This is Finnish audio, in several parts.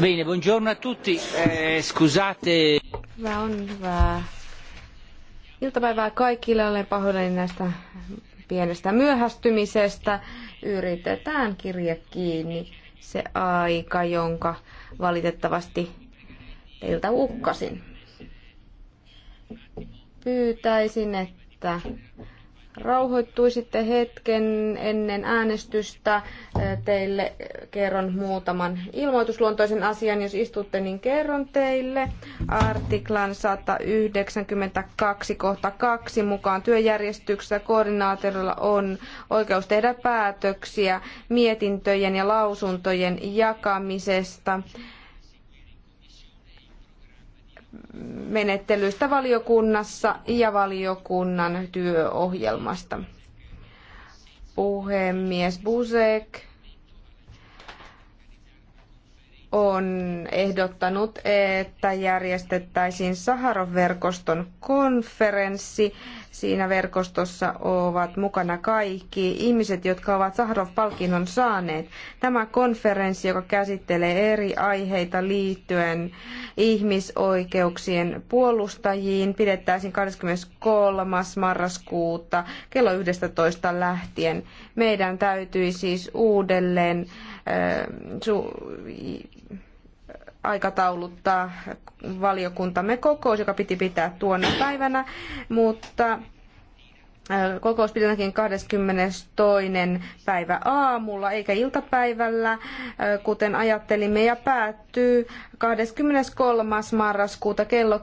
Bene, buongiorno a tutti. Eh, scusate. Hyvä on, hyvää. Iltapäivää kaikille. Olen pahoillani näistä pienestä myöhästymisestä. Yritetään kirje kiinni se aika, jonka valitettavasti teiltä ukkasin. Pyytäisin, että sitten hetken ennen äänestystä, teille kerron muutaman ilmoitusluontoisen asian. Jos istutte, niin kerron teille. Artiklan 192 kohta 2 mukaan työjärjestyksessä koordinaatorilla on oikeus tehdä päätöksiä mietintöjen ja lausuntojen jakamisesta menettelystä valiokunnassa ja valiokunnan työohjelmasta. Puhemies Busek on ehdottanut, että järjestettäisiin Saharov-verkoston konferenssi Siinä verkostossa ovat mukana kaikki ihmiset, jotka ovat Sahrov-palkinnon saaneet. Tämä konferenssi, joka käsittelee eri aiheita liittyen ihmisoikeuksien puolustajiin, pidettäisiin 23. marraskuuta kello 11 lähtien. Meidän täytyy siis uudelleen äh, aikatauluttaa valiokuntamme kokous, joka piti pitää tuona päivänä, mutta Kokous pidetäänkin 22. päivä aamulla eikä iltapäivällä, kuten ajattelimme, ja päättyy 23. marraskuuta kello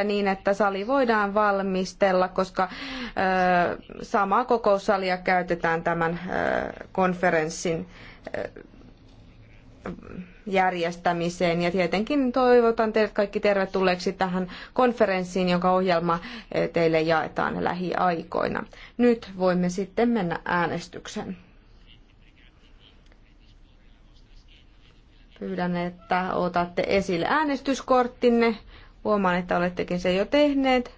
10.30 niin, että sali voidaan valmistella, koska samaa kokoussalia käytetään tämän konferenssin järjestämiseen. Ja tietenkin toivotan teidät kaikki tervetulleeksi tähän konferenssiin, jonka ohjelma eh, teille jaetaan lähiaikoina. Nyt voimme sitten mennä äänestykseen. Pyydän, että otatte esille äänestyskorttinne. Huomaan, että olettekin se jo tehneet.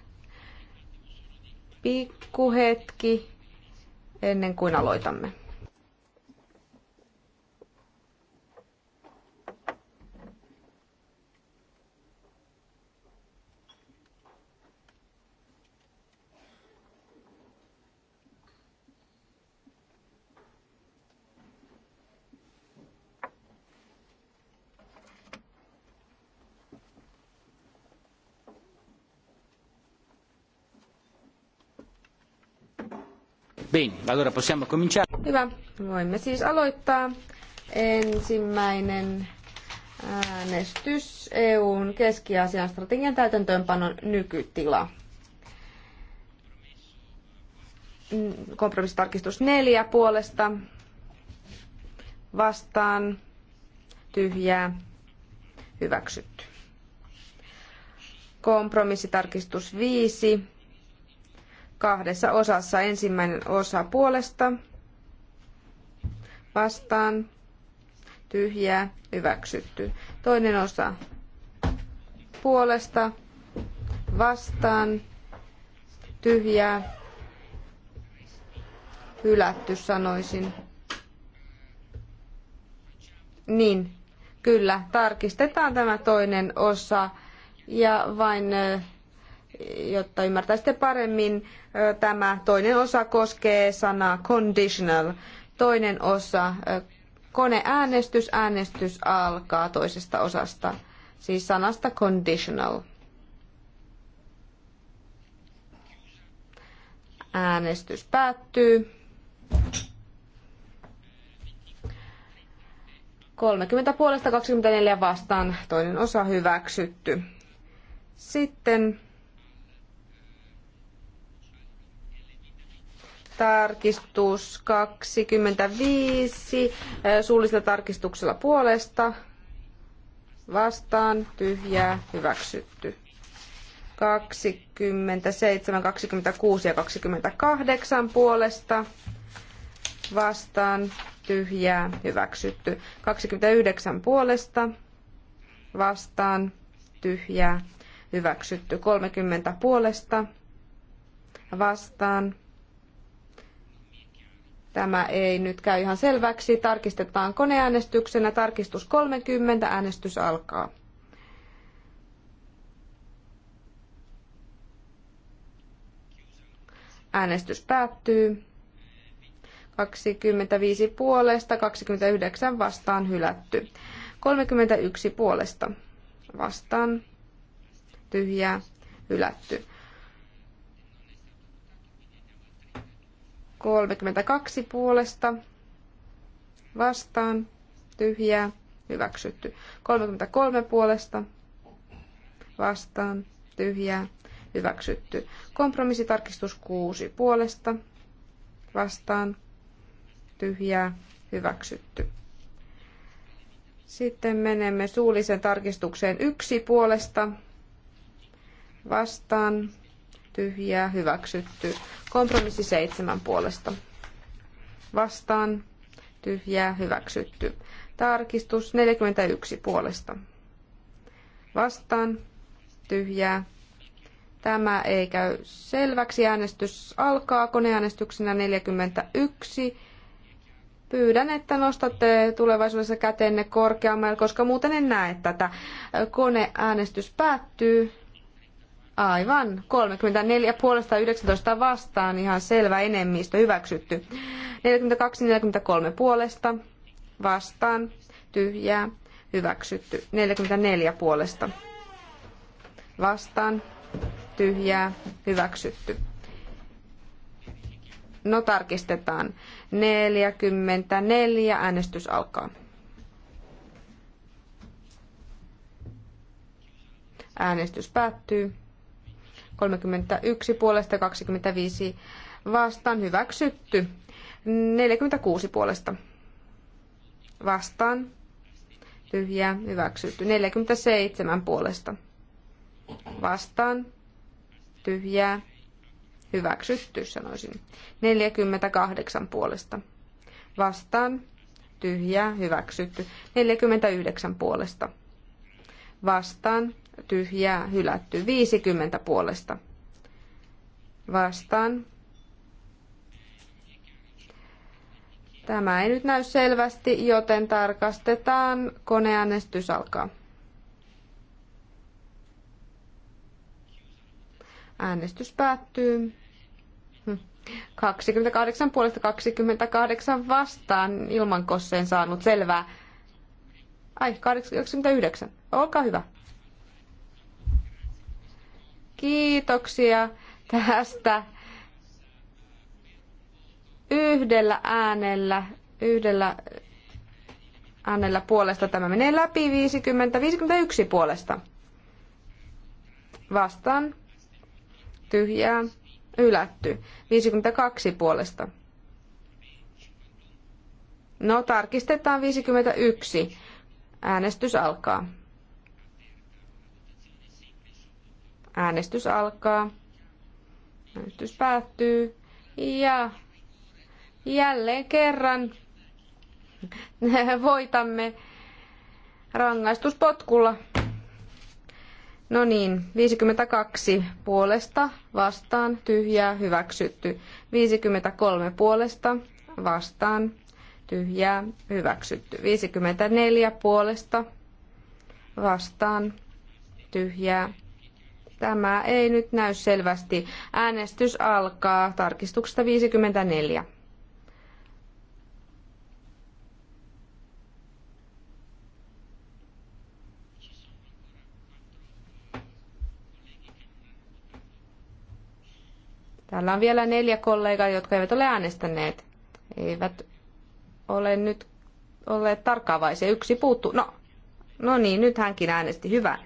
Pikkuhetki ennen kuin aloitamme. Bene, allora possiamo cominciare. Hyvä, voimme siis aloittaa. Ensimmäinen äänestys EUn keski-Aasian strategian täytäntöönpanon nykytila. Kompromissitarkistus neljä puolesta vastaan tyhjää hyväksytty. Kompromissitarkistus viisi kahdessa osassa. Ensimmäinen osa puolesta vastaan tyhjää hyväksytty. Toinen osa puolesta vastaan tyhjää hylätty sanoisin. Niin, kyllä, tarkistetaan tämä toinen osa ja vain jotta ymmärtäisitte paremmin, tämä toinen osa koskee sanaa conditional, toinen osa koneäänestys, äänestys alkaa toisesta osasta, siis sanasta conditional. Äänestys päättyy. 30 puolesta 24 vastaan, toinen osa hyväksytty. Sitten tarkistus 25 suullisella tarkistuksella puolesta. Vastaan tyhjää hyväksytty. 27, 26 ja 28 puolesta. Vastaan tyhjää hyväksytty. 29 puolesta. Vastaan tyhjää hyväksytty. 30 puolesta. Vastaan Tämä ei nyt käy ihan selväksi. Tarkistetaan koneäänestyksenä. Tarkistus 30. Äänestys alkaa. Äänestys päättyy. 25 puolesta, 29 vastaan hylätty. 31 puolesta vastaan tyhjää hylätty. 32 puolesta vastaan tyhjää hyväksytty. 33 puolesta vastaan tyhjää hyväksytty. Kompromissitarkistus 6 puolesta vastaan tyhjää hyväksytty. Sitten menemme suullisen tarkistukseen yksi puolesta vastaan tyhjää, hyväksytty. Kompromissi seitsemän puolesta. Vastaan, tyhjää, hyväksytty. Tarkistus 41 puolesta. Vastaan, tyhjää. Tämä ei käy selväksi. Äänestys alkaa koneäänestyksenä 41. Pyydän, että nostatte tulevaisuudessa kätenne korkeammalle, koska muuten en näe tätä. Koneäänestys päättyy. Aivan, 34 puolesta 19 vastaan, ihan selvä enemmistö hyväksytty. 42-43 puolesta vastaan, tyhjää, hyväksytty. 44 puolesta vastaan, tyhjää, hyväksytty. No tarkistetaan. 44 äänestys alkaa. Äänestys päättyy. 31 puolesta 25 vastaan hyväksytty. 46 puolesta vastaan tyhjää hyväksytty. 47 puolesta vastaan tyhjää hyväksytty sanoisin. 48 puolesta vastaan tyhjää hyväksytty. 49 puolesta vastaan tyhjää hylätty. 50 puolesta vastaan. Tämä ei nyt näy selvästi, joten tarkastetaan. Koneäänestys alkaa. Äänestys päättyy. 28 hm. puolesta 28 vastaan ilman kosseen saanut selvää. Ai, 89. Olkaa hyvä. Kiitoksia tästä yhdellä äänellä, yhdellä äänellä puolesta tämä menee läpi, 50, 51 puolesta. Vastaan, tyhjää, Ylätty. 52 puolesta. No, tarkistetaan 51. Äänestys alkaa. Äänestys alkaa. Äänestys päättyy. Ja jälleen kerran voitamme rangaistuspotkulla. No niin, 52 puolesta vastaan, tyhjää, hyväksytty. 53 puolesta vastaan, tyhjää, hyväksytty. 54 puolesta vastaan, tyhjää, Tämä ei nyt näy selvästi. Äänestys alkaa tarkistuksesta 54. Täällä on vielä neljä kollegaa, jotka eivät ole äänestäneet. Eivät ole nyt olleet tarkkaavaisia. Yksi puuttuu. No, No niin, nyt hänkin äänesti. Hyvä.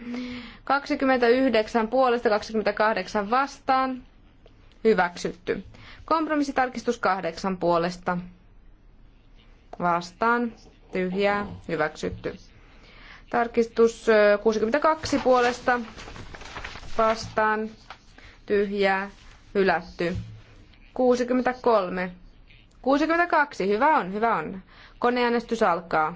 29 puolesta, 28 vastaan. Hyväksytty. Kompromissitarkistus 8 puolesta. Vastaan. Tyhjää. Hyväksytty. Tarkistus 62 puolesta. Vastaan. Tyhjää. Hylätty. 63. 62. Hyvä on, hyvä on. Koneäänestys alkaa.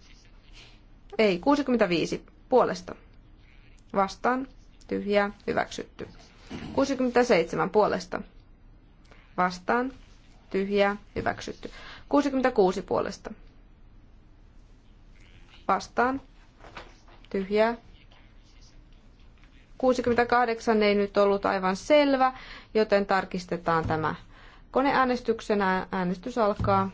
Ei, 65 puolesta. Vastaan. Tyhjää. Hyväksytty. 67 puolesta. Vastaan. Tyhjää. Hyväksytty. 66 puolesta. Vastaan. Tyhjää. 68 ei nyt ollut aivan selvä, joten tarkistetaan tämä koneäänestyksenä. Äänestys alkaa.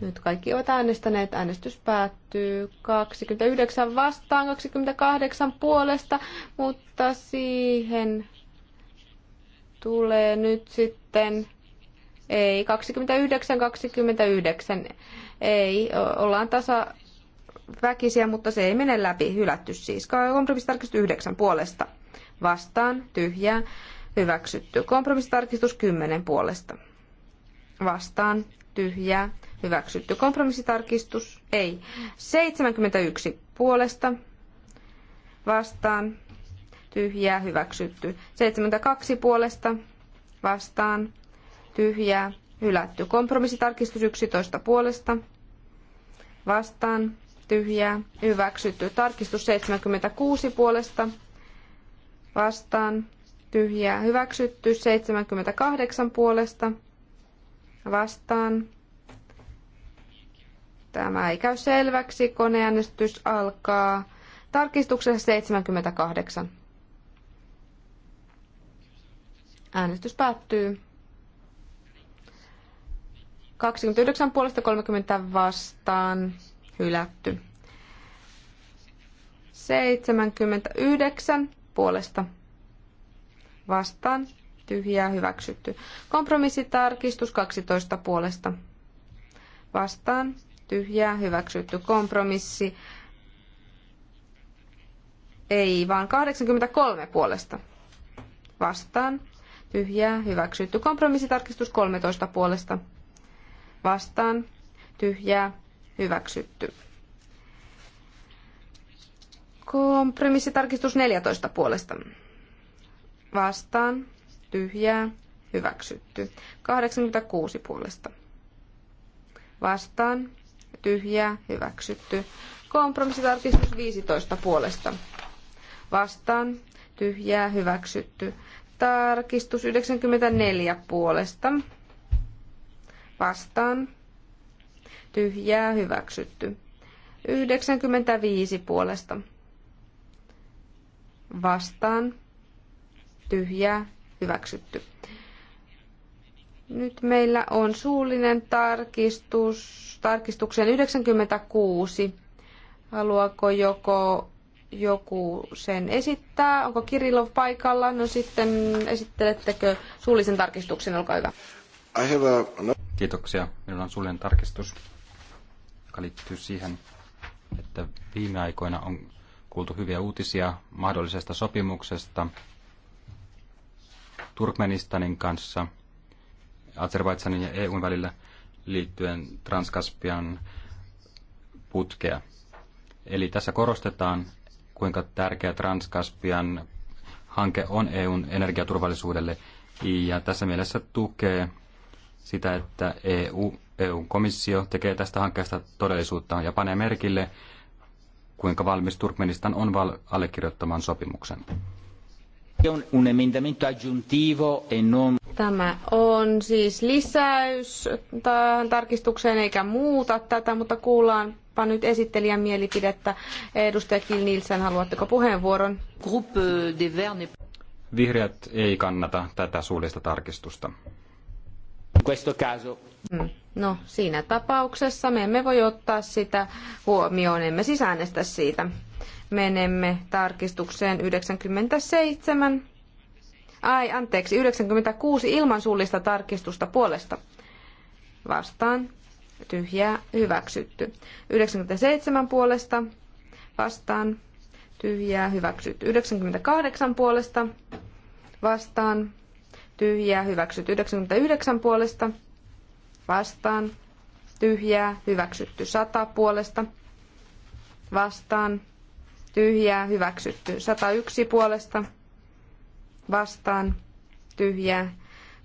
Nyt kaikki ovat äänestäneet. Äänestys päättyy 29 vastaan, 28 puolesta, mutta siihen tulee nyt sitten, ei, 29, 29. Ei, ollaan tasa väkisiä, mutta se ei mene läpi, hylätty siis. Kompromissitarkistus 9 puolesta vastaan, tyhjää, hyväksytty. Kompromissitarkistus 10 puolesta vastaan, tyhjää, hyväksytty. Kompromissitarkistus ei. 71 puolesta vastaan tyhjää hyväksytty. 72 puolesta vastaan tyhjää hylätty. Kompromissitarkistus 11 puolesta vastaan tyhjää hyväksytty. Tarkistus 76 puolesta vastaan tyhjää hyväksytty. 78 puolesta vastaan Tämä ei käy selväksi. Koneäänestys alkaa tarkistuksessa 78. Äänestys päättyy. 29 puolesta 30 vastaan hylätty. 79 puolesta vastaan tyhjää hyväksytty. Kompromissitarkistus 12 puolesta vastaan tyhjä hyväksytty kompromissi. Ei, vaan 83 puolesta. Vastaan, tyhjää, hyväksytty kompromissitarkistus 13 puolesta. Vastaan, tyhjää, hyväksytty. Kompromissitarkistus 14 puolesta. Vastaan, tyhjää, hyväksytty. 86 puolesta. Vastaan, tyhjää, hyväksytty. Kompromissitarkistus 15 puolesta. Vastaan, tyhjää, hyväksytty. Tarkistus 94 puolesta. Vastaan, tyhjää, hyväksytty. 95 puolesta. Vastaan, tyhjää, hyväksytty. Nyt meillä on suullinen tarkistus, tarkistuksen 96. Haluaako joko joku sen esittää? Onko Kirillov paikalla? No sitten esittelettekö suullisen tarkistuksen? Olkaa hyvä. No. Kiitoksia. Minulla on suullinen tarkistus, joka liittyy siihen, että viime aikoina on kuultu hyviä uutisia mahdollisesta sopimuksesta Turkmenistanin kanssa – Azerbaidsanin ja EUn välillä liittyen Transkaspian putkea. Eli tässä korostetaan, kuinka tärkeä Transkaspian hanke on EUn energiaturvallisuudelle ja tässä mielessä tukee sitä, että EU, EU-komissio tekee tästä hankkeesta todellisuutta ja panee merkille, kuinka valmis Turkmenistan on val- allekirjoittamaan sopimuksen. E Tämä on siis lisäys tähän tarkistukseen eikä muuta tätä, mutta kuullaanpa nyt esittelijän mielipidettä. Edustaja Kil Nielsen, haluatteko puheenvuoron? Vihreät ei kannata tätä suullista tarkistusta. Mm. No, siinä tapauksessa me emme voi ottaa sitä huomioon, emme siis äänestä siitä menemme tarkistukseen 97. Ai, anteeksi, 96 ilman suullista tarkistusta puolesta. Vastaan. Tyhjää. Hyväksytty. 97 puolesta. Vastaan. Tyhjää. Hyväksytty. 98 puolesta. Vastaan. Tyhjää. Hyväksytty. 99 puolesta. Vastaan. Tyhjää. Hyväksytty. 100 puolesta. Vastaan tyhjää, hyväksytty. 101 puolesta vastaan, tyhjää,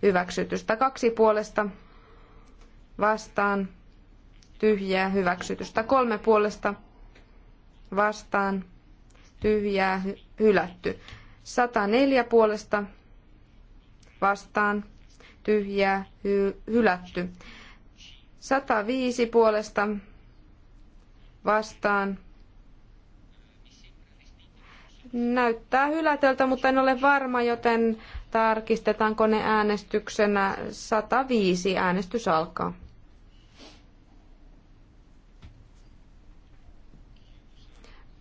hyväksytty. 102 puolesta vastaan, tyhjää, hyväksytty. 103 puolesta vastaan, tyhjää, hylätty. 104 puolesta vastaan, tyhjää, hy- hylätty. 105 puolesta vastaan, näyttää hylätöltä, mutta en ole varma, joten tarkistetaanko ne äänestyksenä 105 äänestys alkaa.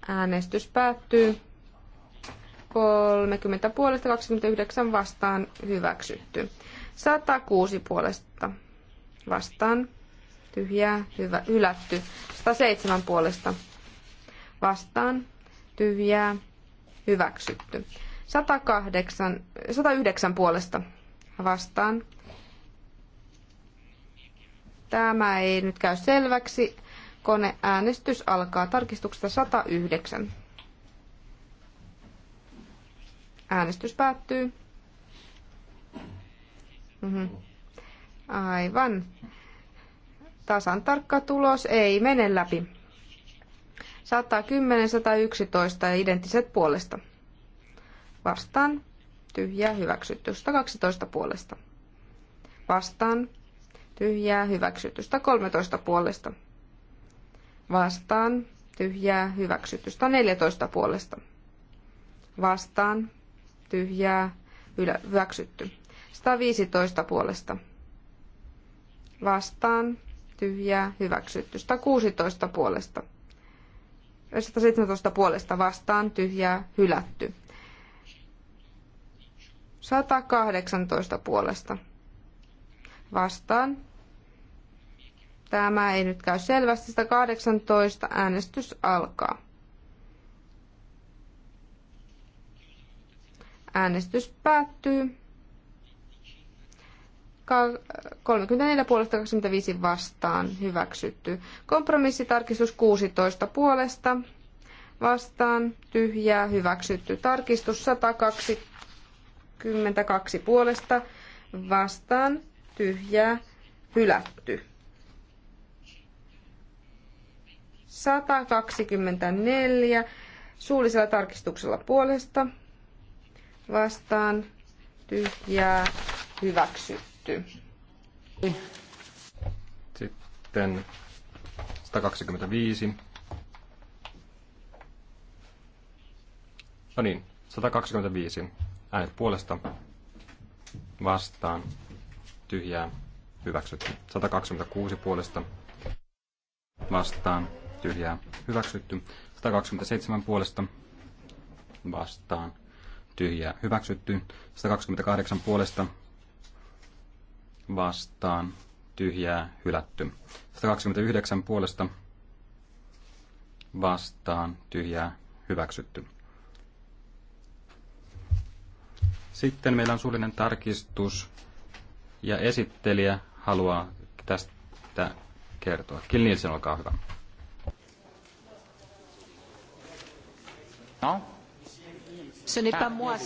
Äänestys päättyy. 30 puolesta 29 vastaan hyväksytty. 106 puolesta vastaan tyhjää hyvä, hylätty. 107 puolesta vastaan tyhjää hyväksytty. 108, 109 puolesta vastaan. Tämä ei nyt käy selväksi. Koneäänestys alkaa tarkistuksesta 109. Äänestys päättyy. Mhm. Aivan. Tasan tarkka tulos ei mene läpi. 110, 111 ja identtiset puolesta. Vastaan. Tyhjää hyväksytty. 112 puolesta. Vastaan. Tyhjää hyväksytty. 113 puolesta. Vastaan. Tyhjää hyväksytty. 114 puolesta. Vastaan. Tyhjää hyväksytty. 115 puolesta. Vastaan. Tyhjää hyväksytty. 116 puolesta 117 puolesta vastaan tyhjää hylätty. 118 puolesta vastaan. Tämä ei nyt käy selvästi. 118 äänestys alkaa. Äänestys päättyy. 34 puolesta 25 vastaan hyväksytty. Kompromissitarkistus 16 puolesta vastaan tyhjää hyväksytty. Tarkistus 122 puolesta vastaan tyhjää hylätty. 124 suullisella tarkistuksella puolesta vastaan tyhjää hyväksytty pystyy. Sitten 125. No niin, 125. Äänet puolesta vastaan tyhjää hyväksytty. 126 puolesta vastaan tyhjää hyväksytty. 127 puolesta vastaan tyhjää hyväksytty. 128 puolesta vastaan tyhjää hylätty. 129 puolesta vastaan tyhjää hyväksytty. Sitten meillä on suullinen tarkistus ja esittelijä haluaa tästä kertoa. Kill Nielsen, olkaa hyvä. No? Se ah,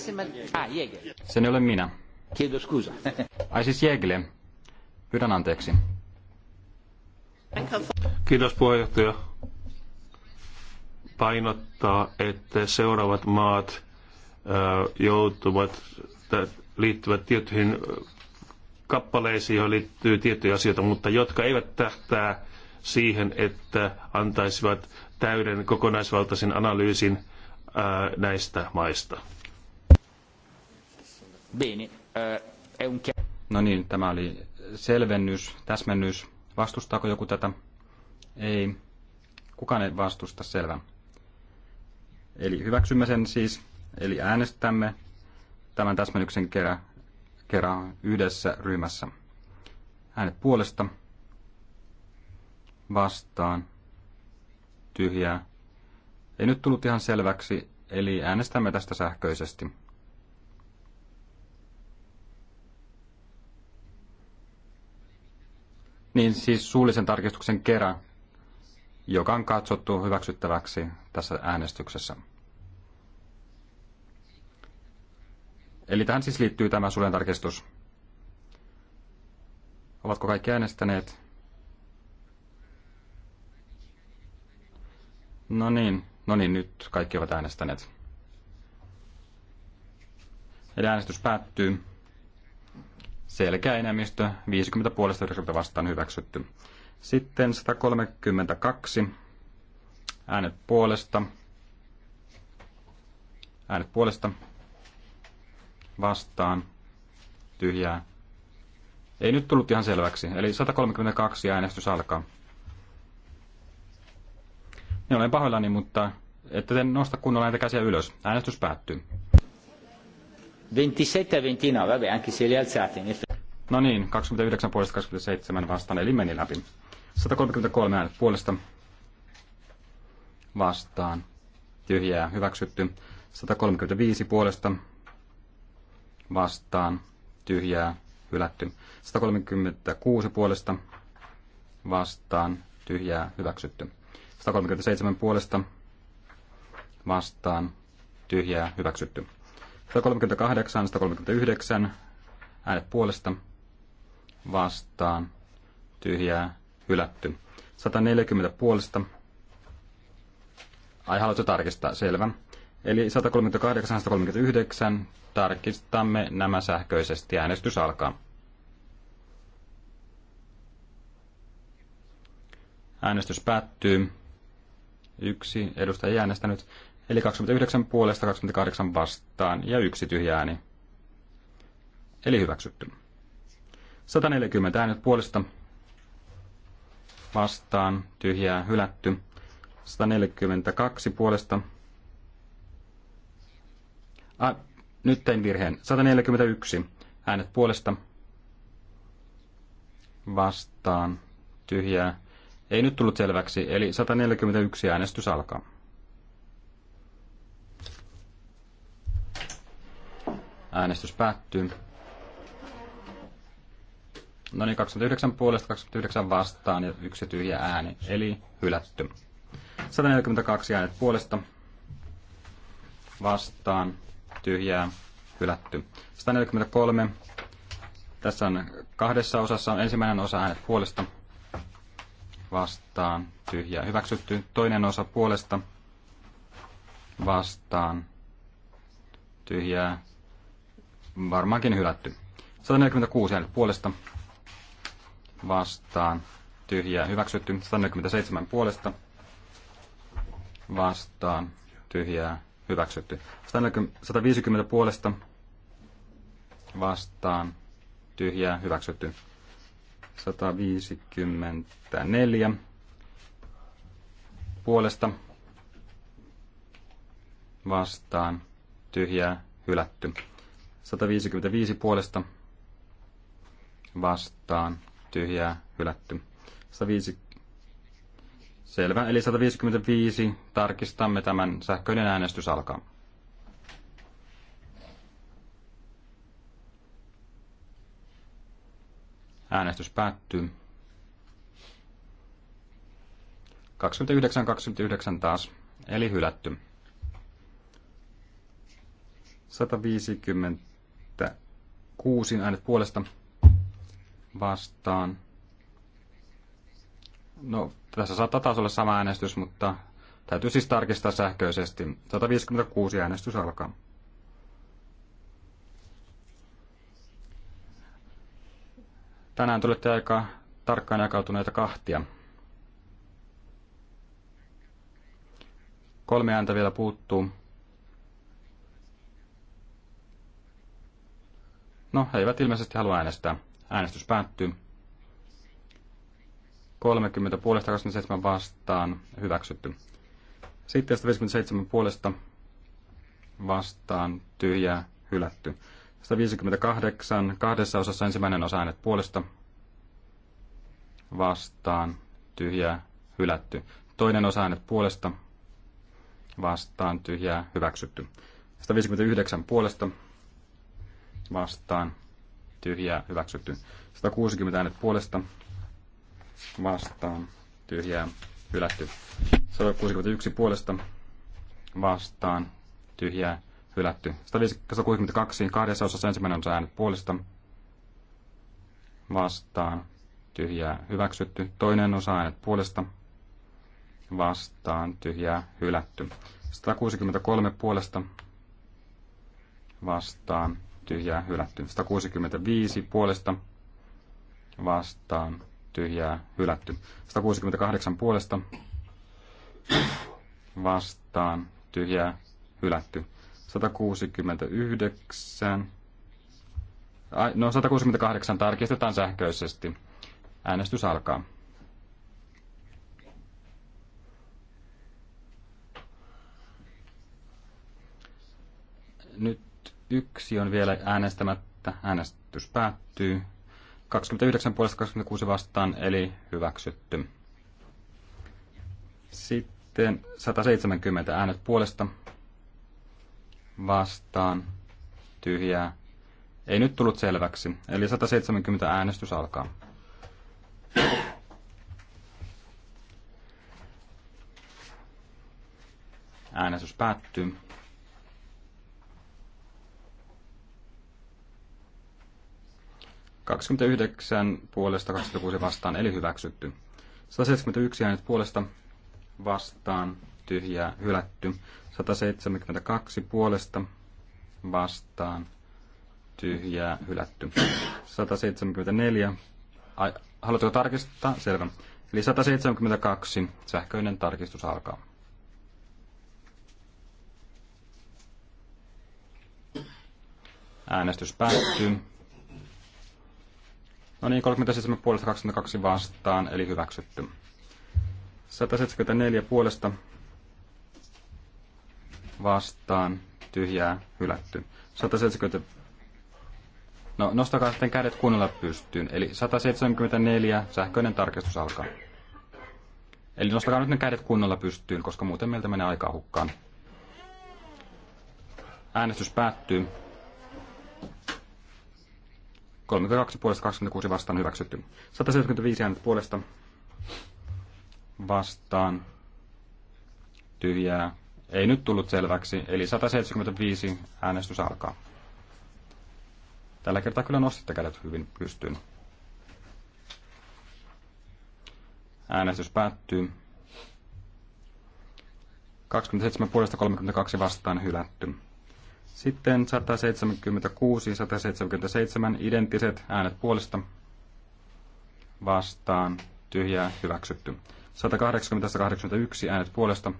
Se ei ole minä. Kiitos, Kuusa. Ai siis Jegle. Pyydän anteeksi. Kiitos puheenjohtaja. Painottaa, että seuraavat maat äh, joutuvat, liittyvät tiettyihin äh, kappaleisiin, joihin liittyy tiettyjä asioita, mutta jotka eivät tähtää siihen, että antaisivat täyden kokonaisvaltaisen analyysin äh, näistä maista. Bene. No niin, tämä oli selvennys, täsmennys. Vastustaako joku tätä? Ei. Kukaan ei vastusta, selvä. Eli hyväksymme sen siis, eli äänestämme tämän täsmennyksen kerran, kerran yhdessä ryhmässä. Äänet puolesta, vastaan, tyhjää. Ei nyt tullut ihan selväksi, eli äänestämme tästä sähköisesti. Niin siis suullisen tarkistuksen kerran, joka on katsottu hyväksyttäväksi tässä äänestyksessä. Eli tähän siis liittyy tämä suullinen tarkistus. Ovatko kaikki äänestäneet? No niin, no niin, nyt kaikki ovat äänestäneet. Eli äänestys päättyy selkeä enemmistö, 50 puolesta yhdeksältä vastaan hyväksytty. Sitten 132 äänet puolesta. Äänet puolesta vastaan tyhjää. Ei nyt tullut ihan selväksi. Eli 132 äänestys alkaa. Niin olen pahoillani, mutta ette te nosta kunnolla näitä käsiä ylös. Äänestys päättyy. 27 ja 29, vabbè, anche se li alzate. No niin, 29 puolesta 27 vastaan, eli meni läpi. 133 äänet puolesta vastaan, tyhjää hyväksytty. 135 puolesta vastaan, tyhjää hylätty. 136 puolesta vastaan, tyhjää hyväksytty. 137 puolesta vastaan, tyhjää hyväksytty. 138, 139 äänet puolesta vastaan tyhjää hylätty. 140 puolesta. Ai haluatko tarkistaa? Selvä. Eli 138, 139 tarkistamme nämä sähköisesti. Äänestys alkaa. Äänestys päättyy. Yksi edustaja ei äänestänyt. Eli 29 puolesta 28 vastaan ja yksi tyhjä ääni. Eli hyväksytty. 140 äänet puolesta vastaan, tyhjää hylätty. 142 puolesta. a nyt tein virheen. 141 äänet puolesta vastaan, tyhjää. Ei nyt tullut selväksi, eli 141 äänestys alkaa. Äänestys päättyy. No niin, 29 puolesta, 29 vastaan ja yksi tyhjä ääni, eli hylätty. 142 äänet puolesta, vastaan, tyhjää, hylätty. 143, tässä on kahdessa osassa, on ensimmäinen osa äänet puolesta, vastaan, tyhjää, hyväksytty. Toinen osa puolesta, vastaan, tyhjää, varmaankin hylätty. 146 äänet puolesta vastaan tyhjää hyväksytty. 147 puolesta vastaan tyhjää hyväksytty. 150 puolesta vastaan tyhjää hyväksytty. 154 puolesta vastaan tyhjää hylätty. 155 puolesta vastaan tyhjää hylätty. 105. Selvä, eli 155 tarkistamme tämän sähköinen äänestys alkaa. Äänestys päättyy. 29, 29 taas, eli hylätty. 150 Kuusi äänet puolesta vastaan. No, tässä saattaa taas olla sama äänestys, mutta täytyy siis tarkistaa sähköisesti. 156 äänestys alkaa. Tänään tulette aika tarkkaan jakautuneita kahtia. Kolme ääntä vielä puuttuu. No, he eivät ilmeisesti halua äänestää. Äänestys päättyy. 30 puolesta 27 vastaan hyväksytty. Sitten 157 puolesta vastaan tyhjää hylätty. 158 kahdessa osassa ensimmäinen osa äänet puolesta vastaan tyhjää hylätty. Toinen osa äänet puolesta vastaan tyhjää hyväksytty. 159 puolesta vastaan, tyhjää hyväksytty. 160 äänet puolesta vastaan, tyhjää hylätty. 161 puolesta vastaan, tyhjää hylätty. 162 kahdessa osassa ensimmäinen osa äänet puolesta vastaan, tyhjää hyväksytty. Toinen osa äänet puolesta vastaan, tyhjää hylätty. 163 puolesta vastaan, tyhjää hylätty. 165 puolesta vastaan tyhjää hylätty. 168 puolesta vastaan tyhjää hylätty. 169 no 168 tarkistetaan sähköisesti. Äänestys alkaa. Nyt yksi on vielä äänestämättä. Äänestys päättyy. 29 puolesta 26 vastaan, eli hyväksytty. Sitten 170 äänet puolesta vastaan, tyhjää. Ei nyt tullut selväksi, eli 170 äänestys alkaa. Äänestys päättyy. 29 puolesta 26 vastaan, eli hyväksytty. 171 äänet puolesta vastaan, tyhjää, hylätty. 172 puolesta vastaan, tyhjää, hylätty. 174. Ai, haluatko tarkistaa? Selvä. Eli 172. Sähköinen tarkistus alkaa. Äänestys päättyy. No niin, 37 puolesta 22 vastaan, eli hyväksytty. 174 puolesta vastaan, tyhjää, hylätty. 170... No, nostakaa sitten kädet kunnolla pystyyn. Eli 174, sähköinen tarkistus alkaa. Eli nostakaa nyt ne kädet kunnolla pystyyn, koska muuten meiltä menee aikaa hukkaan. Äänestys päättyy. 32 puolesta 26 vastaan hyväksytty. 175 äänet puolesta vastaan tyhjää. Ei nyt tullut selväksi, eli 175 äänestys alkaa. Tällä kertaa kyllä nostitte kädet hyvin pystyyn. Äänestys päättyy. 27 puolesta 32 vastaan hylätty. Sitten 176 ja 177 identtiset äänet puolesta vastaan tyhjää hyväksytty. 180-181 äänet puolesta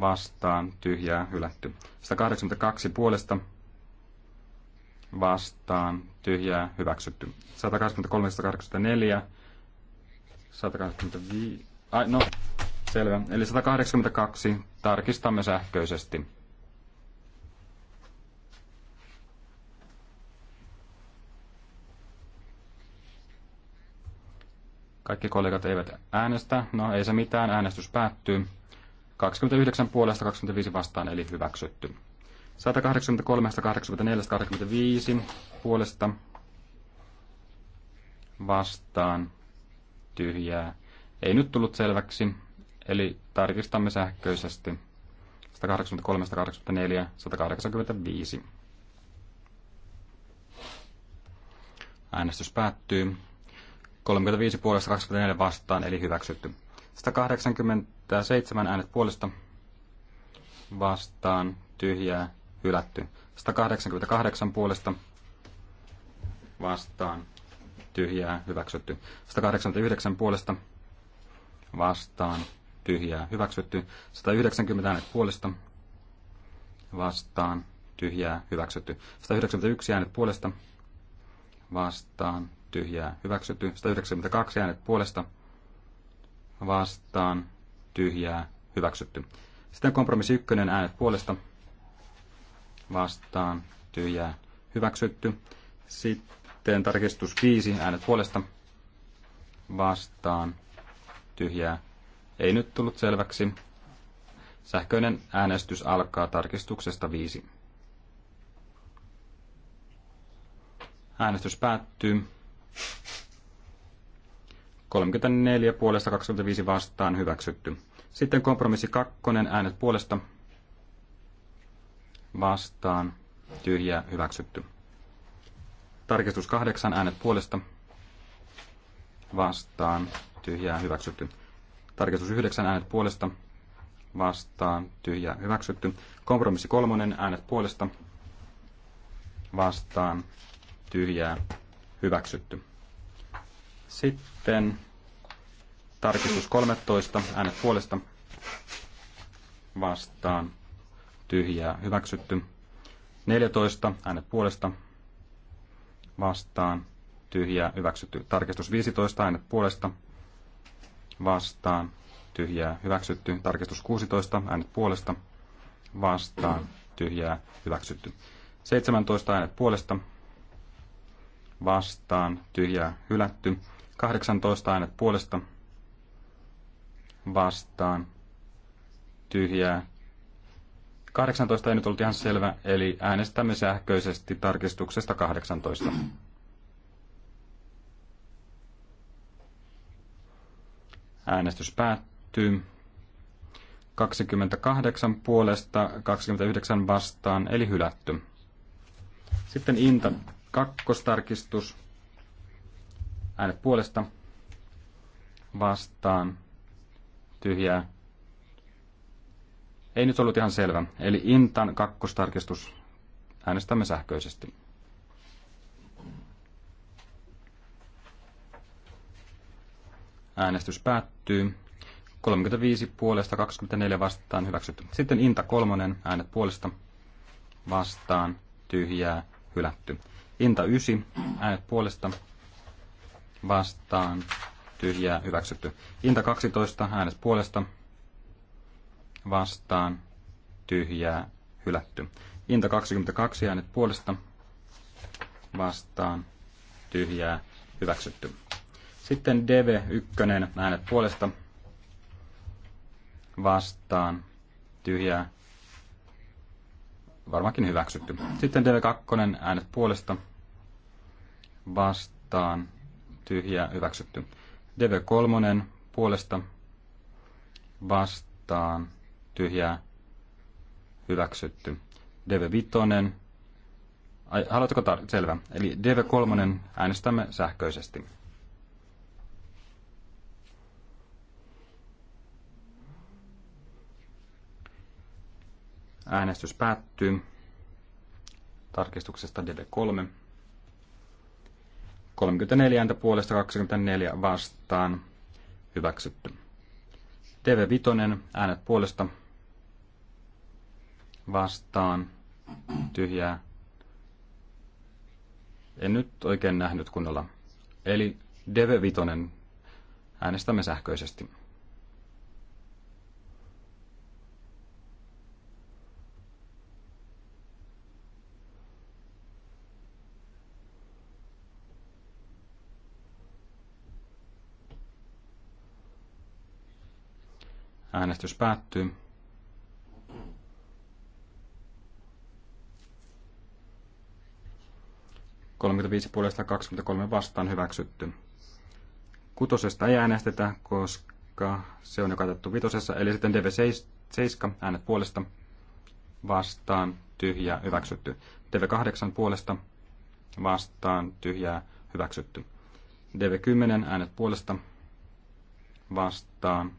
vastaan tyhjää hylätty. 182 puolesta vastaan tyhjää hyväksytty. 183-184 185, ai no, selvä. Eli 182 tarkistamme sähköisesti. Kaikki kollegat eivät äänestä. No ei se mitään, äänestys päättyy. 29 puolesta 25 vastaan eli hyväksytty. 183, 184, 85 puolesta vastaan tyhjää. Ei nyt tullut selväksi, eli tarkistamme sähköisesti 183, 184, 185. Äänestys päättyy. 35 puolesta 24 vastaan, eli hyväksytty. 187 äänet puolesta vastaan, tyhjää, hylätty. 188 puolesta vastaan, tyhjää, hyväksytty. 189 puolesta vastaan, tyhjää, hyväksytty. 190 äänet puolesta vastaan, tyhjää, hyväksytty. 191 äänet puolesta vastaan, tyhjää hyväksytty. 192 äänet puolesta vastaan tyhjää hyväksytty. Sitten kompromissi 1 äänet puolesta vastaan tyhjää hyväksytty. Sitten tarkistus 5 äänet puolesta vastaan tyhjää ei nyt tullut selväksi. Sähköinen äänestys alkaa tarkistuksesta 5. Äänestys päättyy. 34 puolesta 25 vastaan hyväksytty. Sitten kompromissi kakkonen äänet puolesta vastaan tyhjää hyväksytty. Tarkistus kahdeksan äänet puolesta vastaan tyhjää hyväksytty. Tarkistus yhdeksän äänet puolesta vastaan tyhjää hyväksytty. Kompromissi kolmonen äänet puolesta vastaan tyhjää hyväksytty. Sitten tarkistus 13, äänet puolesta vastaan, tyhjää hyväksytty. 14, äänet puolesta vastaan, tyhjää hyväksytty. Tarkistus 15, äänet puolesta vastaan, tyhjää hyväksytty. Tarkistus 16, äänet puolesta vastaan, tyhjää hyväksytty. 17 äänet puolesta vastaan, tyhjää hylätty. 18 äänet puolesta vastaan, tyhjää. 18 ei nyt ollut ihan selvä, eli äänestämme sähköisesti tarkistuksesta 18. Äänestys päättyy. 28 puolesta, 29 vastaan, eli hylätty. Sitten Inta Kakkostarkistus. Äänet puolesta. Vastaan. Tyhjää. Ei nyt ollut ihan selvä. Eli Intan kakkostarkistus. Äänestämme sähköisesti. Äänestys päättyy. 35 puolesta, 24 vastaan hyväksytty. Sitten Inta kolmonen, äänet puolesta, vastaan, tyhjää, hylätty. Inta 9, äänet puolesta vastaan tyhjää hyväksytty. Inta 12, äänet puolesta vastaan tyhjää hylätty. Inta 22, äänet puolesta vastaan tyhjää hyväksytty. Sitten DV1, äänet puolesta vastaan tyhjää varmaankin hyväksytty. Sitten DV2 äänet puolesta vastaan tyhjä, hyväksytty. DV3 puolesta vastaan tyhjä, hyväksytty. DV5 Ai, haluatteko tar- selvä. Eli DV3 äänestämme sähköisesti. Äänestys päättyy tarkistuksesta DD3. 34 ääntä puolesta 24 vastaan. Hyväksytty. tv Vitonen, äänet puolesta vastaan. Tyhjää. En nyt oikein nähnyt kunnolla. Eli dv Vitonen, äänestämme sähköisesti. Äänestys päättyy. puolesta 23 vastaan hyväksytty. Kutosesta ei äänestetä, koska se on jo katettu vitosessa, eli sitten DV7 äänet puolesta vastaan tyhjää hyväksytty. DV8 puolesta vastaan tyhjää hyväksytty. DV10 äänet puolesta vastaan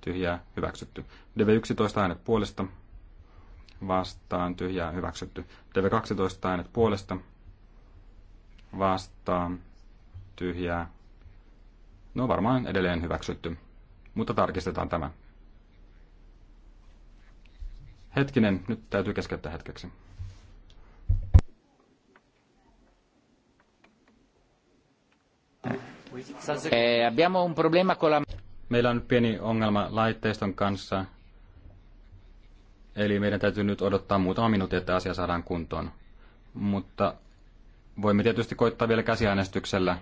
tyhjää hyväksytty. DV11 äänet puolesta vastaan tyhjää hyväksytty. DV12 äänet puolesta vastaan tyhjää. No varmaan edelleen hyväksytty, mutta tarkistetaan tämä. Hetkinen, nyt täytyy keskeyttää hetkeksi. Eh, abbiamo un problema con la... Meillä on nyt pieni ongelma laitteiston kanssa, eli meidän täytyy nyt odottaa muutama minuutti, että asia saadaan kuntoon. Mutta voimme tietysti koittaa vielä käsiäänestyksellä.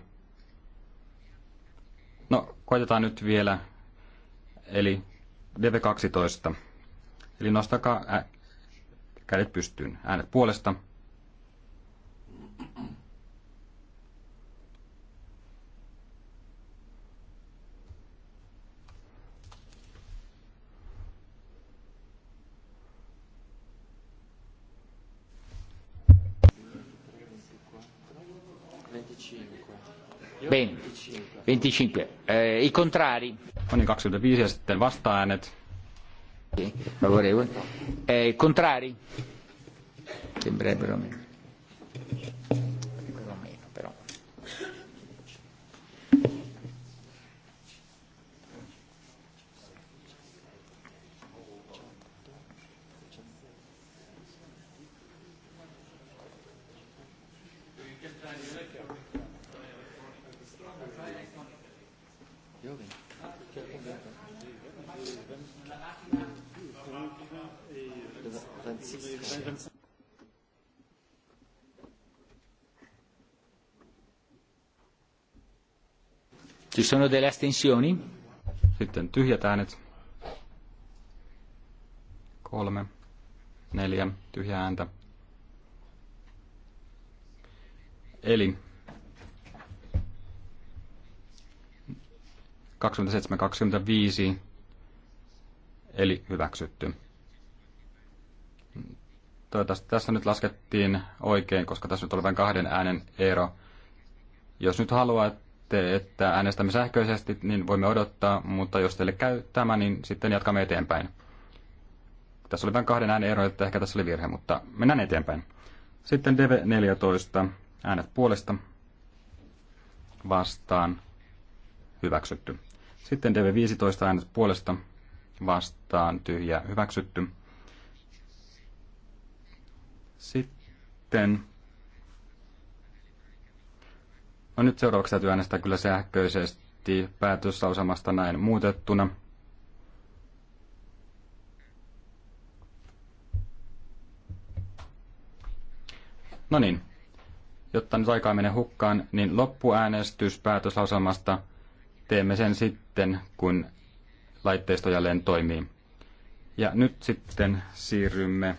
No, koitetaan nyt vielä, eli DV12. Eli nostakaa ä- kädet pystyyn, äänet puolesta, 25. Eh, I contrari. No niin, 25 ja sitten vastaäänet. Favorevole. Eh, contrari. Sembrerebbero meno. Ci sono delle astensioni? Sitten tyhjät äänet. Kolme, neljä tyhjää ääntä. Eli 27-25, eli hyväksytty. Toivottavasti tässä nyt laskettiin oikein, koska tässä nyt oli vain kahden äänen ero. Jos nyt haluatte, että äänestämme sähköisesti, niin voimme odottaa, mutta jos teille käy tämä, niin sitten jatkamme eteenpäin. Tässä oli vain kahden äänen ero, että ehkä tässä oli virhe, mutta mennään eteenpäin. Sitten DV14, äänet puolesta, vastaan, hyväksytty. Sitten DV15, äänet puolesta, vastaan, tyhjä, hyväksytty. Sitten... No nyt seuraavaksi täytyy äänestää kyllä sähköisesti päätöslausamasta näin muutettuna. No niin, jotta nyt aikaa menee hukkaan, niin loppuäänestys päätöslausamasta teemme sen sitten, kun laitteisto jälleen toimii. Ja nyt sitten siirrymme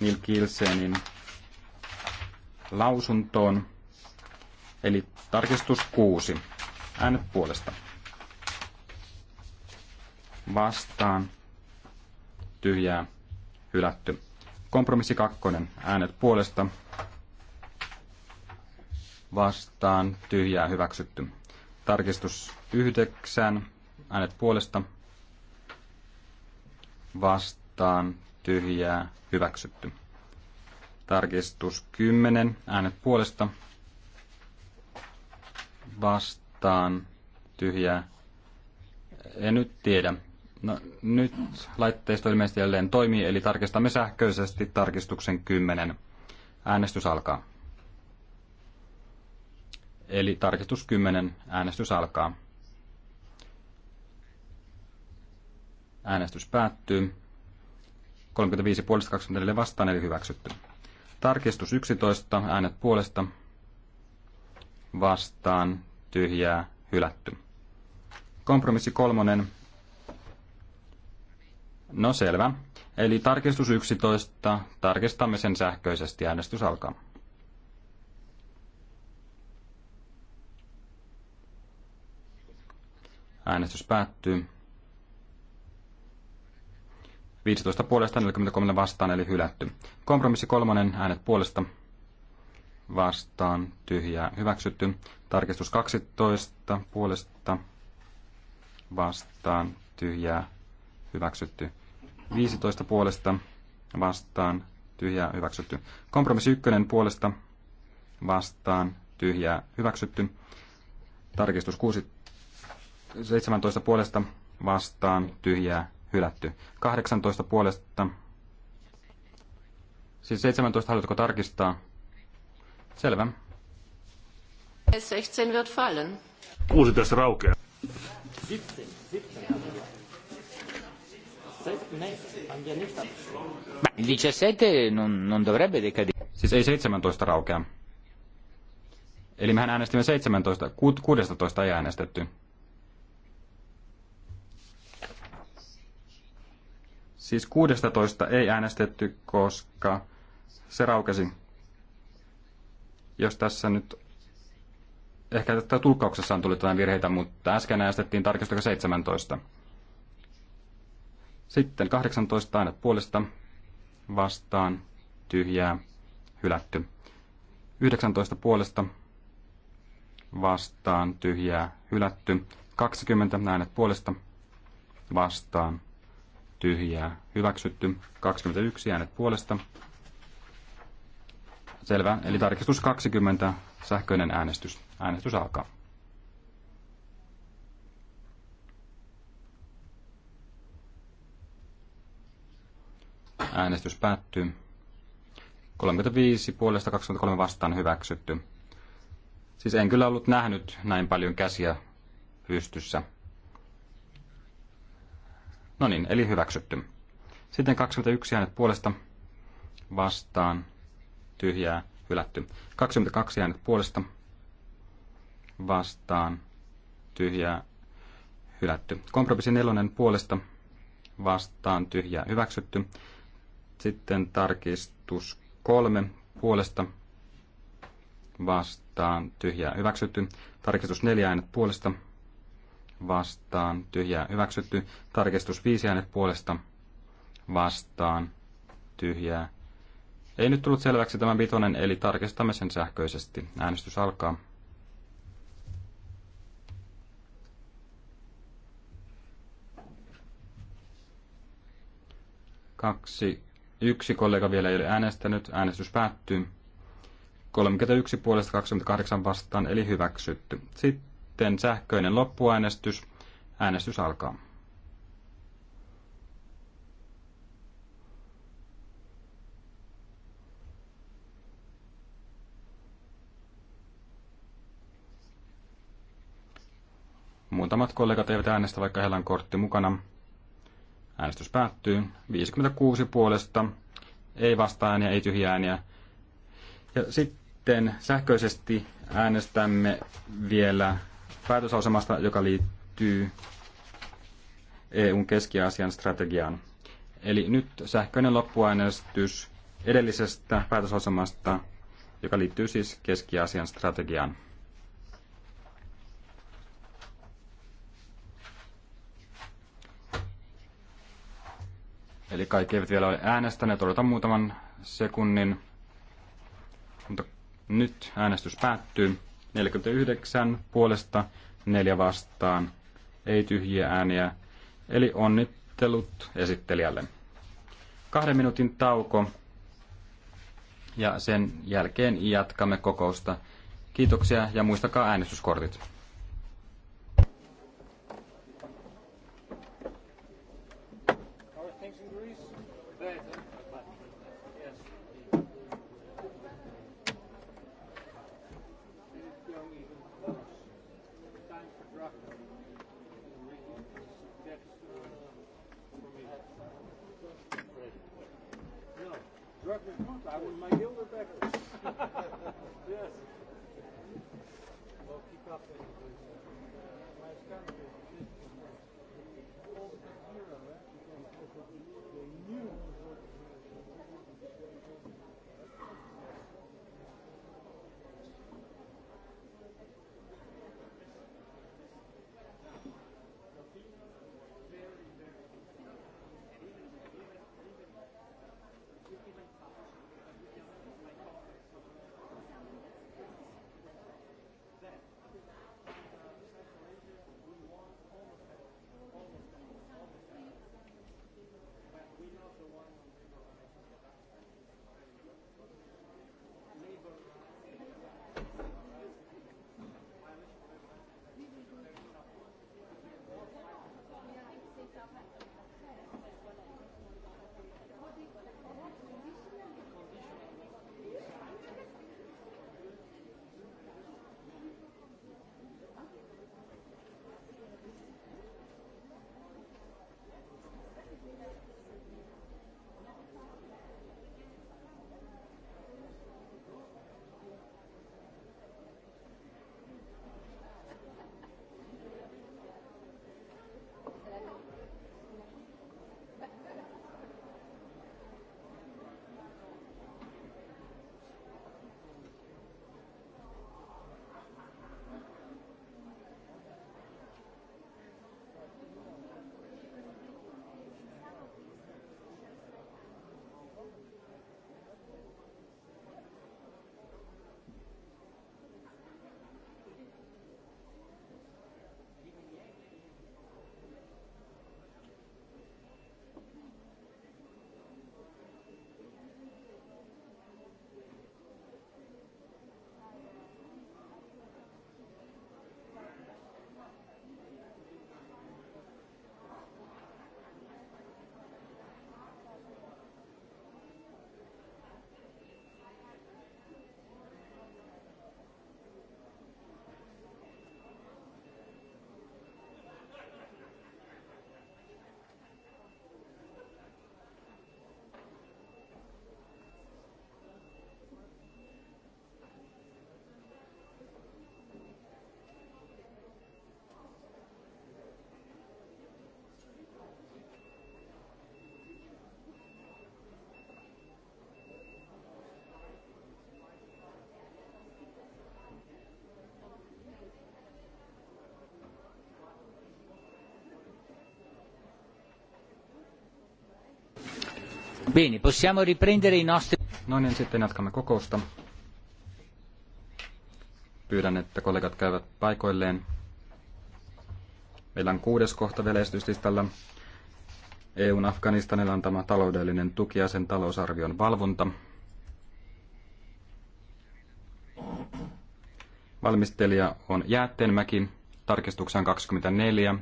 Neil Kilsenin lausuntoon, eli tarkistus 6. Äänet puolesta. Vastaan. Tyhjää. Hylätty. Kompromissi 2. Äänet puolesta. Vastaan. Tyhjää. Hyväksytty. Tarkistus 9. Äänet puolesta. Vastaan tyhjää hyväksytty. Tarkistus 10, äänet puolesta vastaan tyhjää. En nyt tiedä. No, nyt laitteisto ilmeisesti jälleen toimii, eli tarkistamme sähköisesti tarkistuksen 10. Äänestys alkaa. Eli tarkistus 10. Äänestys alkaa. Äänestys päättyy. 35 puolesta 24 vastaan, eli hyväksytty. Tarkistus 11, äänet puolesta vastaan, tyhjää, hylätty. Kompromissi kolmonen. No selvä. Eli tarkistus 11. Tarkistamme sen sähköisesti. Äänestys alkaa. Äänestys päättyy. 15 puolesta 43 vastaan eli hylätty. Kompromissi kolmonen äänet puolesta vastaan tyhjää hyväksytty. Tarkistus 12 puolesta vastaan tyhjää hyväksytty. 15 puolesta vastaan tyhjää hyväksytty. Kompromissi ykkönen puolesta vastaan tyhjää hyväksytty. Tarkistus 6, 17 puolesta vastaan tyhjää hylätty. 18 puolesta. Siis 17 haluatko tarkistaa? Selvä. 16 wird fallen. 16 raukea. 17 non, non dovrebbe decadere. Siis ei 17 raukea. Eli mehän äänestimme 17, 16 ei äänestetty. Siis 16 ei äänestetty, koska se raukesi. Jos tässä nyt, ehkä tätä tulkkauksessa on tullut jotain virheitä, mutta äsken äänestettiin tarkistuksen 17. Sitten 18 aina puolesta vastaan tyhjää hylätty. 19 puolesta vastaan tyhjää hylätty. 20 äänet puolesta vastaan tyhjää hyväksytty. 21 äänet puolesta. Selvä. Eli tarkistus 20, sähköinen äänestys. Äänestys alkaa. Äänestys päättyy. 35 puolesta 23 vastaan hyväksytty. Siis en kyllä ollut nähnyt näin paljon käsiä pystyssä. No niin, eli hyväksytty. Sitten 21 äänet puolesta vastaan tyhjää hylätty. 22 äänet puolesta vastaan tyhjää hylätty. Kompromissi nelonen puolesta vastaan tyhjää hyväksytty. Sitten tarkistus kolme puolesta vastaan tyhjää hyväksytty. Tarkistus neljä äänet puolesta vastaan, tyhjää hyväksytty. Tarkistus viisi äänet puolesta vastaan, tyhjää. Ei nyt tullut selväksi tämä vitonen, eli tarkistamme sen sähköisesti. Äänestys alkaa. Kaksi. Yksi kollega vielä ei ole äänestänyt. Äänestys päättyy. 31 puolesta 28 vastaan, eli hyväksytty. Sitten sitten sähköinen loppuäänestys. Äänestys alkaa. Muutamat kollegat eivät äänestä, vaikka heillä on kortti mukana. Äänestys päättyy. 56 puolesta. Ei ääniä, ei tyhjääniä. Ja sitten sähköisesti äänestämme vielä päätösasemasta, joka liittyy EUn keski-Aasian strategiaan. Eli nyt sähköinen loppuaineistus edellisestä päätösasemasta, joka liittyy siis keski-Aasian strategiaan. Eli kaikki eivät vielä ole äänestäneet, odotan muutaman sekunnin. Mutta nyt äänestys päättyy. 49 puolesta, 4 vastaan, ei tyhjiä ääniä. Eli onnittelut esittelijälle. Kahden minuutin tauko ja sen jälkeen jatkamme kokousta. Kiitoksia ja muistakaa äänestyskortit. How Bene, possiamo riprendere i nostri... No niin, sitten jatkamme kokousta. Pyydän, että kollegat käyvät paikoilleen. Meillä on kuudes kohta vielä esityslistalla. EUn Afganistanille antama taloudellinen tuki ja sen talousarvion valvonta. Valmistelija on Jäätteenmäki, tarkistuksen 24,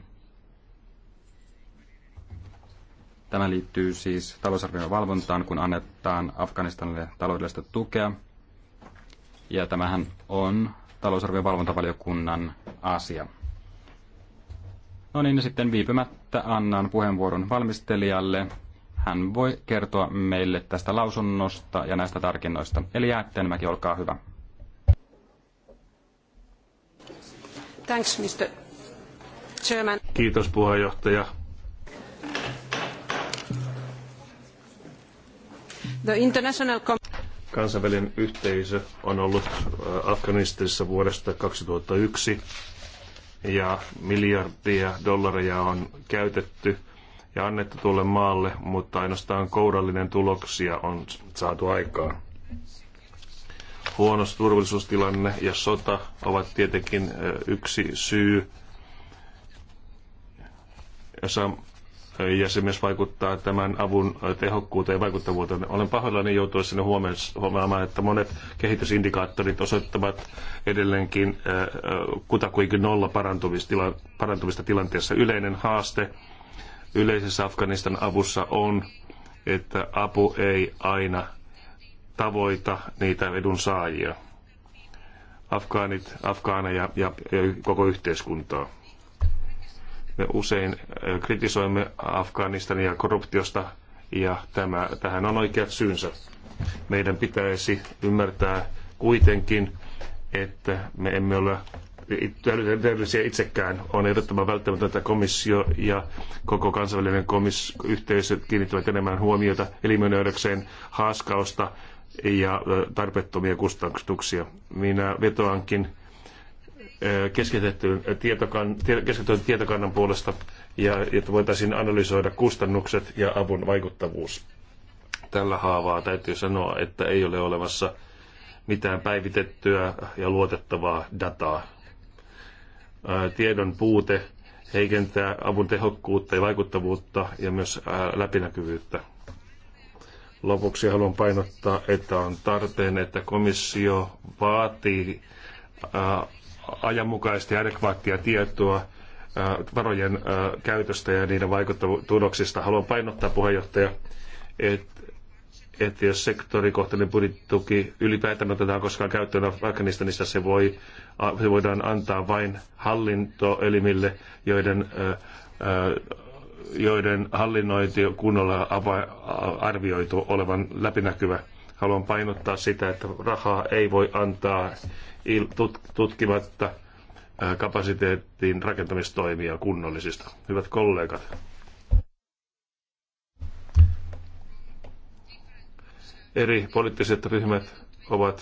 Tämä liittyy siis talousarvion valvontaan, kun annetaan Afganistanille taloudellista tukea. Ja tämähän on talousarvion valvontavaliokunnan asia. No niin, ja sitten viipymättä annan puheenvuoron valmistelijalle. Hän voi kertoa meille tästä lausunnosta ja näistä tarkinnoista. Eli Jäätteenmäki, olkaa hyvä. Thanks, Mr. Chairman. Kiitos puheenjohtaja. Kansainvälinen yhteisö on ollut Afganistanissa vuodesta 2001 ja miljardia dollaria on käytetty ja annettu tuolle maalle, mutta ainoastaan kourallinen tuloksia on saatu aikaan. Huono turvallisuustilanne ja sota ovat tietenkin yksi syy. Ja ja se myös vaikuttaa tämän avun tehokkuuteen ja vaikuttavuuteen. Olen pahoillani joutuessani huomaamaan, että monet kehitysindikaattorit osoittavat edelleenkin äh, äh, kutakuinkin nolla parantumista tilanteessa. Yleinen haaste yleisessä Afganistan avussa on, että apu ei aina tavoita niitä edun saajia. Afgaanit, afgaaneja ja, ja koko yhteiskuntaa me usein äh, kritisoimme Afganistania korruptiosta ja tämä, tähän on oikeat syynsä. Meidän pitäisi ymmärtää kuitenkin, että me emme ole täydellisiä itsekään. On ehdottoman välttämätöntä, että komissio ja koko kansainvälinen komis- yhteisö kiinnittävät enemmän huomiota eliminoidakseen haaskausta ja tarpeettomia kustannuksia. Minä vetoankin keskitetyn tietokan, keskitetyn tietokannan puolesta ja että voitaisiin analysoida kustannukset ja avun vaikuttavuus. Tällä haavaa täytyy sanoa, että ei ole olemassa mitään päivitettyä ja luotettavaa dataa. Tiedon puute heikentää avun tehokkuutta ja vaikuttavuutta ja myös läpinäkyvyyttä. Lopuksi haluan painottaa, että on tarpeen, että komissio vaatii ajanmukaista ja adekvaattia tietoa äh, varojen äh, käytöstä ja niiden vaikuttavuuksista. Haluan painottaa puheenjohtaja, että että jos sektorikohtainen budjettituki ylipäätään otetaan koskaan käyttöön Afganistanissa, se, voi, se voidaan antaa vain hallintoelimille, joiden, äh, joiden hallinnointi kunnolla arvioitu olevan läpinäkyvä. Haluan painottaa sitä, että rahaa ei voi antaa tutkimatta äh, kapasiteetin rakentamistoimia kunnollisista. Hyvät kollegat, eri poliittiset ryhmät ovat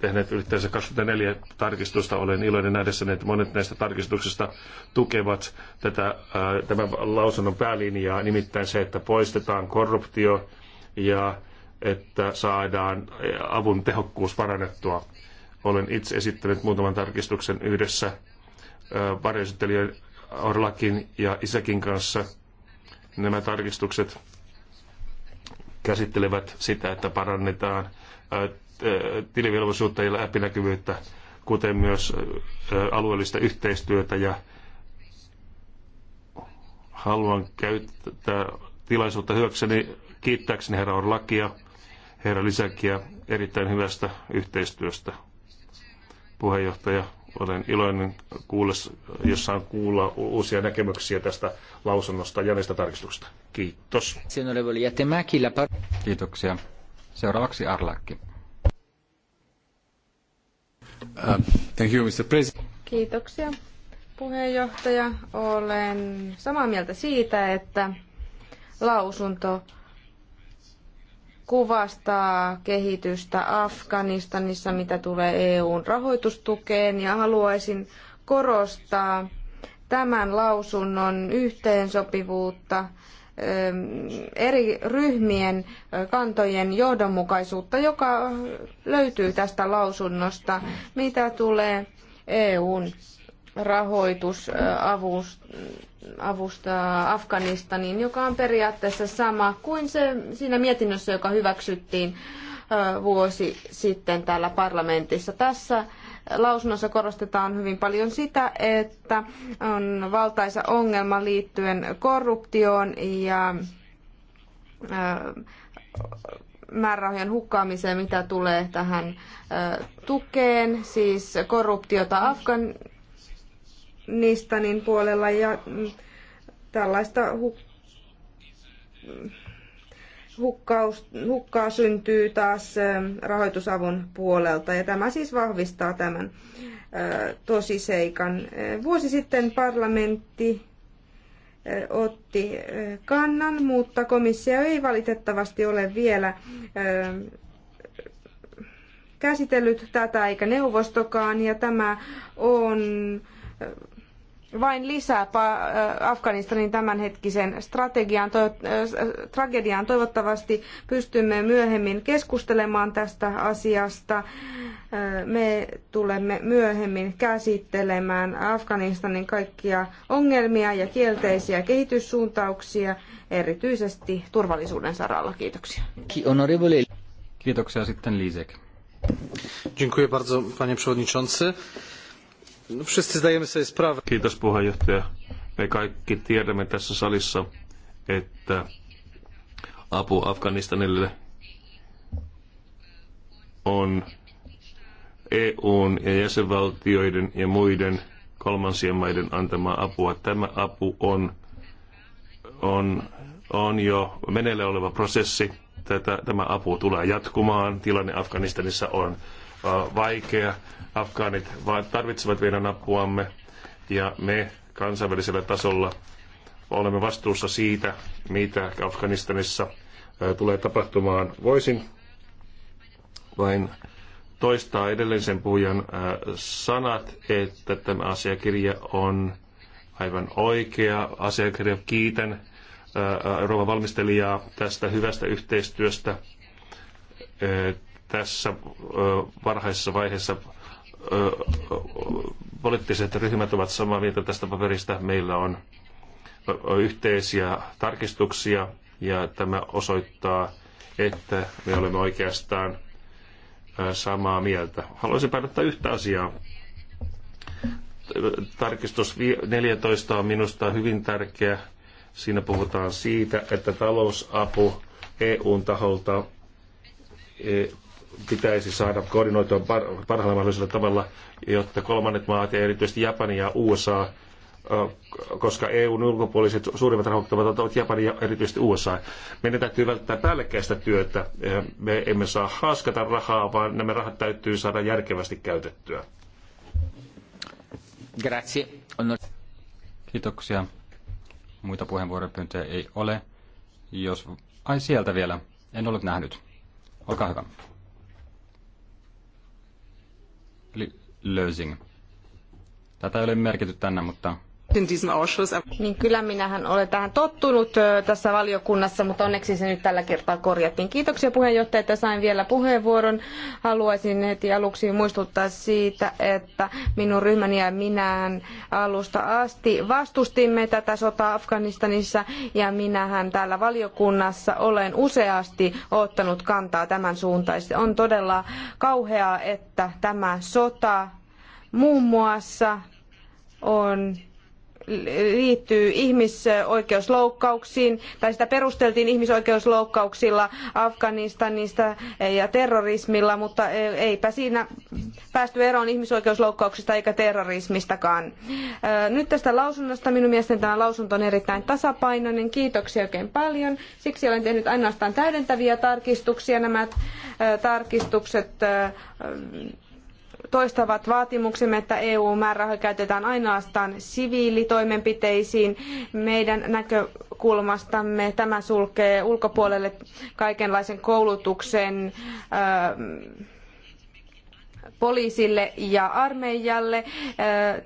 tehneet yhteensä 24 tarkistusta. Olen iloinen nähdessä, että monet näistä tarkistuksista tukevat tätä, äh, tämän lausunnon päälinjaa, nimittäin se, että poistetaan korruptio ja että saadaan äh, avun tehokkuus parannettua. Olen itse esittänyt muutaman tarkistuksen yhdessä varjoesittelijöiden Orlakin ja Isäkin kanssa. Nämä tarkistukset käsittelevät sitä, että parannetaan tilivelvollisuutta ja läpinäkyvyyttä, kuten myös alueellista yhteistyötä ja haluan käyttää tilaisuutta hyväkseni kiittääkseni herra Orlakia, herra Lisäkiä erittäin hyvästä yhteistyöstä puheenjohtaja. Olen iloinen kuulles, jos saan kuulla uusia näkemyksiä tästä lausunnosta ja näistä tarkistuksista. Kiitos. Kiitoksia. Seuraavaksi Arlakki. Uh, thank you, Mr. President. Kiitoksia puheenjohtaja. Olen samaa mieltä siitä, että lausunto kuvastaa kehitystä Afganistanissa, mitä tulee EUn rahoitustukeen, ja haluaisin korostaa tämän lausunnon yhteensopivuutta, ähm, eri ryhmien kantojen johdonmukaisuutta, joka löytyy tästä lausunnosta, mitä tulee EUn rahoitusavustukseen Avusta Afganistaniin, joka on periaatteessa sama kuin se siinä mietinnössä, joka hyväksyttiin vuosi sitten täällä parlamentissa. Tässä lausunnossa korostetaan hyvin paljon sitä, että on valtaisa ongelma liittyen korruptioon ja määrärahojen hukkaamiseen, mitä tulee tähän tukeen, siis korruptiota Afgan Nistanin puolella ja mm, tällaista hukkaus, hukkaa syntyy taas rahoitusavun puolelta ja tämä siis vahvistaa tämän tosiseikan. Vuosi sitten parlamentti otti kannan, mutta komissio ei valitettavasti ole vielä käsitellyt tätä eikä neuvostokaan ja tämä on vain lisää äh, Afganistanin tämänhetkisen strategian, to, äh, äh, tragediaan. Toivottavasti pystymme myöhemmin keskustelemaan tästä asiasta. Me tulemme myöhemmin käsittelemään Afganistanin kaikkia ongelmia ja kielteisiä kehityssuuntauksia, erityisesti turvallisuuden saralla. Kiitoksia. Kiitoksia sitten Lisek. Dziękuję bardzo, panie przewodniczący. No, Kiitos puheenjohtaja. Me kaikki tiedämme tässä salissa, että apu Afganistanille on EUn ja jäsenvaltioiden ja muiden kolmansien maiden antamaa apua. Tämä apu on, on, on jo meneillä oleva prosessi. Tätä, tämä apu tulee jatkumaan. Tilanne Afganistanissa on Äh, vaikea. Afgaanit vaan tarvitsevat meidän apuamme ja me kansainvälisellä tasolla olemme vastuussa siitä, mitä Afganistanissa äh, tulee tapahtumaan. Voisin vain toistaa edellisen puhujan äh, sanat, että tämä asiakirja on aivan oikea asiakirja. Kiitän Euroopan valmistelijaa tästä hyvästä yhteistyöstä tässä varhaisessa vaiheessa poliittiset ryhmät ovat samaa mieltä tästä paperista. Meillä on yhteisiä tarkistuksia ja tämä osoittaa, että me olemme oikeastaan samaa mieltä. Haluaisin painottaa yhtä asiaa. Tarkistus 14 on minusta hyvin tärkeä. Siinä puhutaan siitä, että talousapu EUn taholta e, pitäisi saada koordinoitua par- parhaalla mahdollisella tavalla, jotta kolmannet maat ja erityisesti Japani ja USA koska EUn ulkopuoliset suurimmat rahoittavat ovat Japani ja erityisesti USA. Meidän täytyy välttää päällekkäistä työtä. Me emme saa haaskata rahaa, vaan nämä rahat täytyy saada järkevästi käytettyä. Kiitoksia. Muita puheenvuoropyyntöjä ei ole. Jos... Ai sieltä vielä. En ollut nähnyt. Olkaa hyvä. Lösing. Tätä ei ole merkitty tänne, mutta niin kyllä minähän olen tähän tottunut tässä valiokunnassa, mutta onneksi se nyt tällä kertaa korjattiin. Kiitoksia puheenjohtaja, että sain vielä puheenvuoron. Haluaisin heti aluksi muistuttaa siitä, että minun ryhmäni ja minähän alusta asti vastustimme tätä sotaa Afganistanissa ja minähän täällä valiokunnassa olen useasti ottanut kantaa tämän suuntaisesti. On todella kauheaa, että tämä sota muun muassa on liittyy ihmisoikeusloukkauksiin, tai sitä perusteltiin ihmisoikeusloukkauksilla Afganistanista ja terrorismilla, mutta eipä siinä päästy eroon ihmisoikeusloukkauksista eikä terrorismistakaan. Nyt tästä lausunnosta. Minun mielestäni tämä lausunto on erittäin tasapainoinen. Kiitoksia oikein paljon. Siksi olen tehnyt ainoastaan täydentäviä tarkistuksia. Nämä tarkistukset toistavat vaatimuksemme, että EU-määrärahoja käytetään ainoastaan siviilitoimenpiteisiin. Meidän näkökulmastamme tämä sulkee ulkopuolelle kaikenlaisen koulutuksen poliisille ja armeijalle.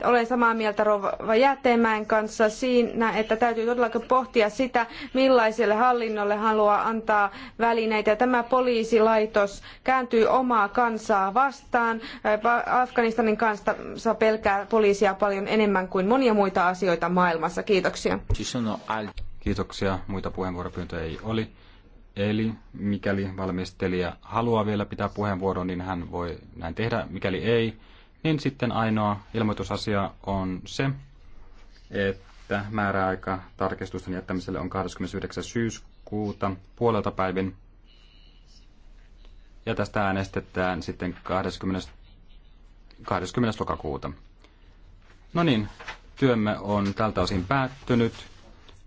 Olen samaa mieltä Rova Jätemäen kanssa siinä, että täytyy todellakin pohtia sitä, millaiselle hallinnolle haluaa antaa välineitä. Tämä poliisilaitos kääntyy omaa kansaa vastaan. Afganistanin kanssa pelkää poliisia paljon enemmän kuin monia muita asioita maailmassa. Kiitoksia. Kiitoksia. Muita puheenvuoropyyntöjä ei ole. Eli mikäli valmistelija haluaa vielä pitää puheenvuoron, niin hän voi näin tehdä. Mikäli ei, niin sitten ainoa ilmoitusasia on se, että määräaika tarkistusten jättämiselle on 29. syyskuuta puolelta päivin. Ja tästä äänestetään sitten 20. 20. lokakuuta. No niin, työmme on tältä osin päättynyt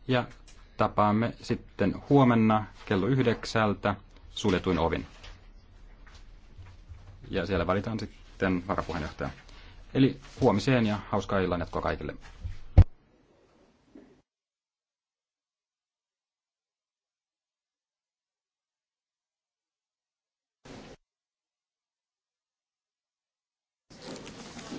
ja tapaamme sitten huomenna kello yhdeksältä suljetuin ovin. Ja siellä valitaan sitten varapuheenjohtaja. Eli huomiseen ja hauskaa illan jatkoa kaikille.